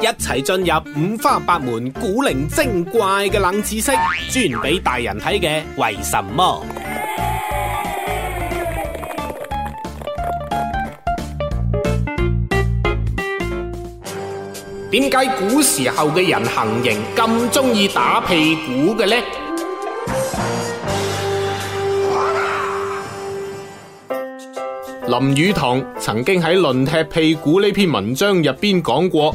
一齊進入五花八門古靈精怪嘅冷知識，專俾大人睇嘅。為什麼？點解古時候嘅人行刑咁中意打屁股嘅呢？哇林語堂曾經喺《論踢屁股》呢篇文章入邊講過。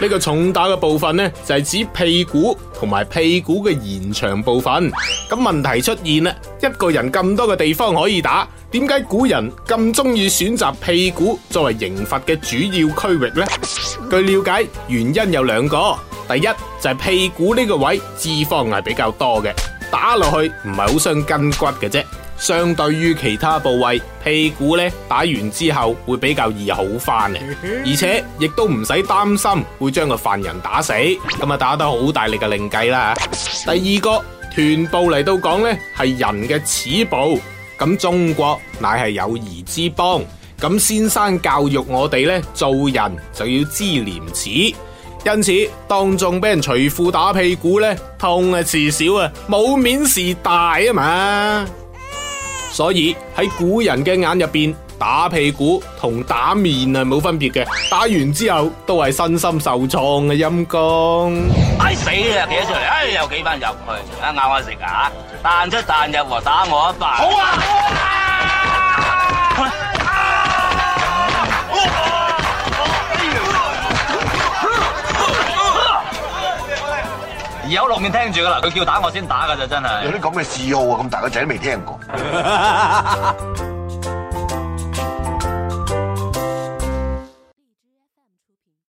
呢個重打嘅部分呢，就係指屁股同埋屁股嘅延長部分。咁問題出現啦，一個人咁多嘅地方可以打，點解古人咁中意選擇屁股作為刑罰嘅主要區域呢？據了解，原因有兩個，第一就係屁股呢個位脂肪係比較多嘅，打落去唔係好傷筋骨嘅啫。相對於其他部位，屁股咧，打完之後會比較易好返嘅，而且亦都唔使擔心會將個犯人打死，咁啊，打得好大力嘅另計啦。第二個臀部嚟到講咧，係人嘅恥部，咁中國乃係友誼之邦，咁先生教育我哋咧，做人就要知廉恥，因此當眾俾人除褲打屁股咧，痛啊，事小啊，冇面事大啊嘛。所以喺古人嘅眼入邊，打屁股同打面啊冇分別嘅，打完之後都係身心受創嘅陰功。唉死啊，企咗出嚟，唉，又企返入去，硬我食啊！彈出彈入和打我一棒。好啊！有六面聽住噶啦，佢叫打我先打㗎咋，真係。有啲咁嘅嗜好啊，咁大個仔都未聽過。哈哈哈哈哈！